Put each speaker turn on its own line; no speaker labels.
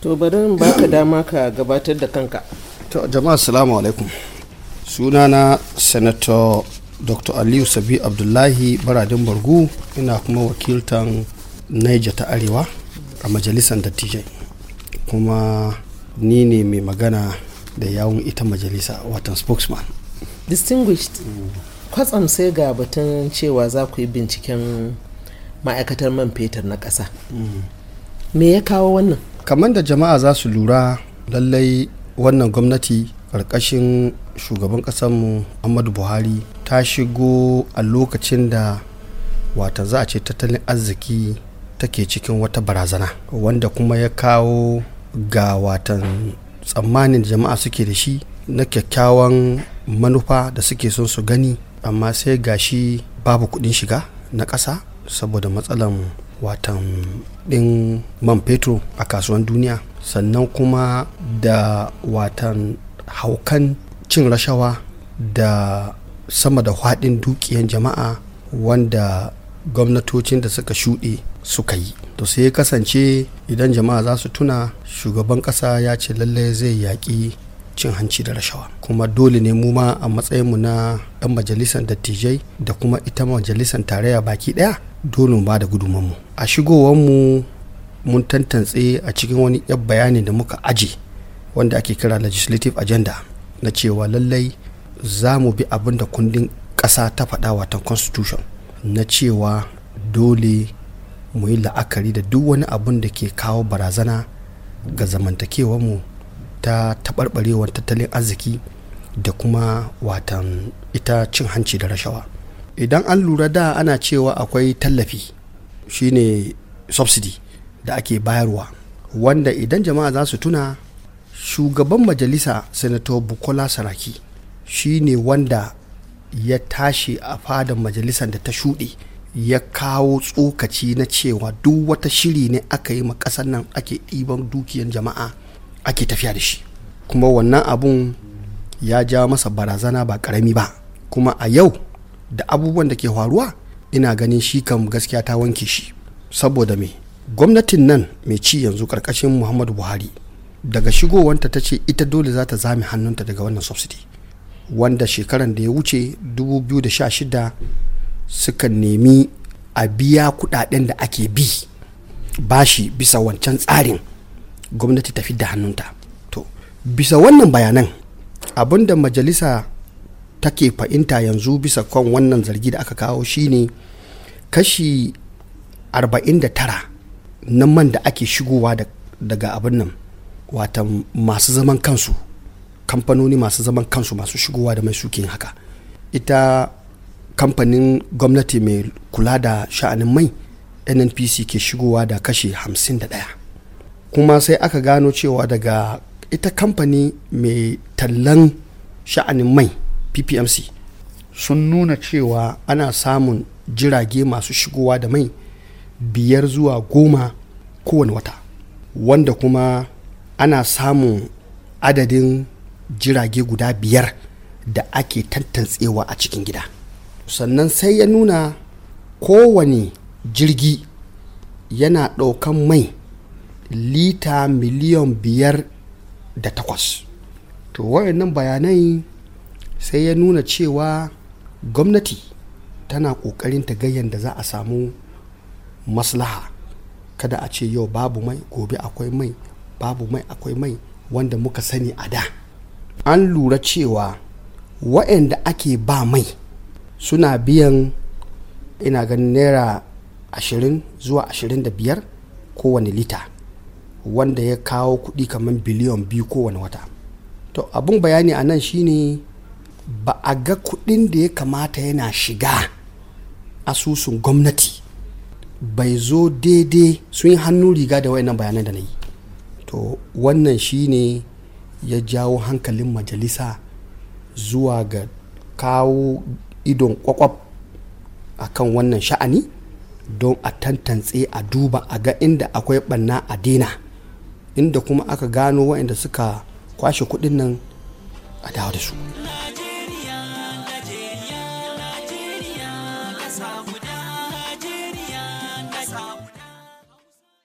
to bari in baka dama ka gabatar da kanka to jama'a assalamu alaikum sunana senator dr aliyu sabi abdullahi baradin bargu ina kuma wakiltan niger ta arewa a majalisar dattijai kuma ni ne mai magana da yawun ita majalisa watan spokesman distinguished kwatsam sai ga batun cewa za ku yi binciken ma'aikatar man fetur na ƙasa mm. me ya kawo wannan kamar da jama'a za su lura lallai wannan gwamnati ƙarƙashin shugaban ƙasarmu Ahmadu Buhari ta shigo a lokacin da wata za a ce tattalin arziki take cikin wata barazana wanda kuma ya kawo ga watan tsammanin jama'a suke da shi na kyakkyawan manufa da suke son su gani amma sai gashi babu kuɗin shiga na ƙasa saboda matsalan watan din man fetur a kasuwan duniya sannan kuma da watan haukan cin rashawa da sama da haɗin dukiyan jama'a wanda gwamnatocin da suka shuɗe suka yi to sai ya kasance idan jama'a za su tuna shugaban ƙasa ya ce lallai zai yaƙi cin hanci da rashawa kuma dole ne mu ma a matsayinmu na ɗan majalisar dattijai da kuma ita majalisar tarayya baki ɗaya dole mu ba da mu a shigowar mu mun tantance a cikin wani yan bayani da muka aje wanda ake kira legislative agenda na cewa lallai za mu bi abin da kundin ƙasa ta faɗa watan constitution na cewa dole mu yi la'akari da duk wani abin da ke kawo barazana ga mu ta taɓarɓarewar tattalin arziki da kuma watan ita cin hanci da rashawa idan an lura da ana cewa akwai tallafi shine subsidy da ake bayarwa wanda idan jama'a za su tuna shugaban majalisa senator bukola saraki shine wanda ya tashi a fadan majalisar da ta shuɗe ya kawo tsokaci na cewa duk wata shiri ne aka yi ma ƙasar nan ake ɗiban dukiyan jama'a ake tafiya da shi kuma wannan abun ya ja masa barazana ba ƙarami ba kuma a yau da abubuwan da ke faruwa ina ganin shi kan gaskiya ta wanke shi saboda me gwamnatin nan mai ci yanzu karkashin muhammadu buhari daga shigowanta ta ce ita dole za ta zame hannunta daga wannan subsidy wanda shekaran da ya wuce 2016 suka nemi a biya kudaden da ake bi bashi bisa wancan tsarin gwamnati ta da hannunta to bisa wannan bayanan abinda majalisa take fahimta yanzu bisa kwan wannan zargi da aka kawo shine kashi 49 na man da ake shigowa daga abin nan wata masu zaman kansu kamfanoni masu zaman kansu masu shigowa da mai sukin haka ita kamfanin gwamnati mai kula da sha'anin mai nnpc ke shigowa da kashi 51 kuma sai aka gano cewa daga ita kamfani mai tallan sha'anin mai ppmc sun nuna cewa ana samun jirage masu shigowa da mai biyar zuwa goma kowane wata wanda kuma ana samun adadin jirage guda biyar da ake tantantsewa a cikin gida sannan sai ya nuna kowane jirgi yana ɗaukan mai lita miliyan biyar da takwas to wayannan bayanai sai ya nuna cewa gwamnati tana ƙoƙarin ta gayyan da za a samu maslaha kada a ce yau babu mai gobe akwai mai babu mai akwai mai wanda muka sani a da an lura cewa waɗanda ake ba mai suna biyan ina ganin naira ashirin zuwa ashirin da biyar kowane lita wanda ya kawo kuɗi kamar biliyan biyu kowane wata to abin bayani a nan shine ba a ga kuɗin da ya kamata yana shiga asusun gwamnati bai zo daidai sun yi hannu riga da wayannan bayanan da na yi to wannan shine ya jawo hankalin majalisa zuwa ga kawo idon kwakwaf a kan wannan sha'ani don a tantance a duba a ga inda akwai banna a dina inda kuma aka gano waɗanda suka kwashe kuɗin nan a dawo da su.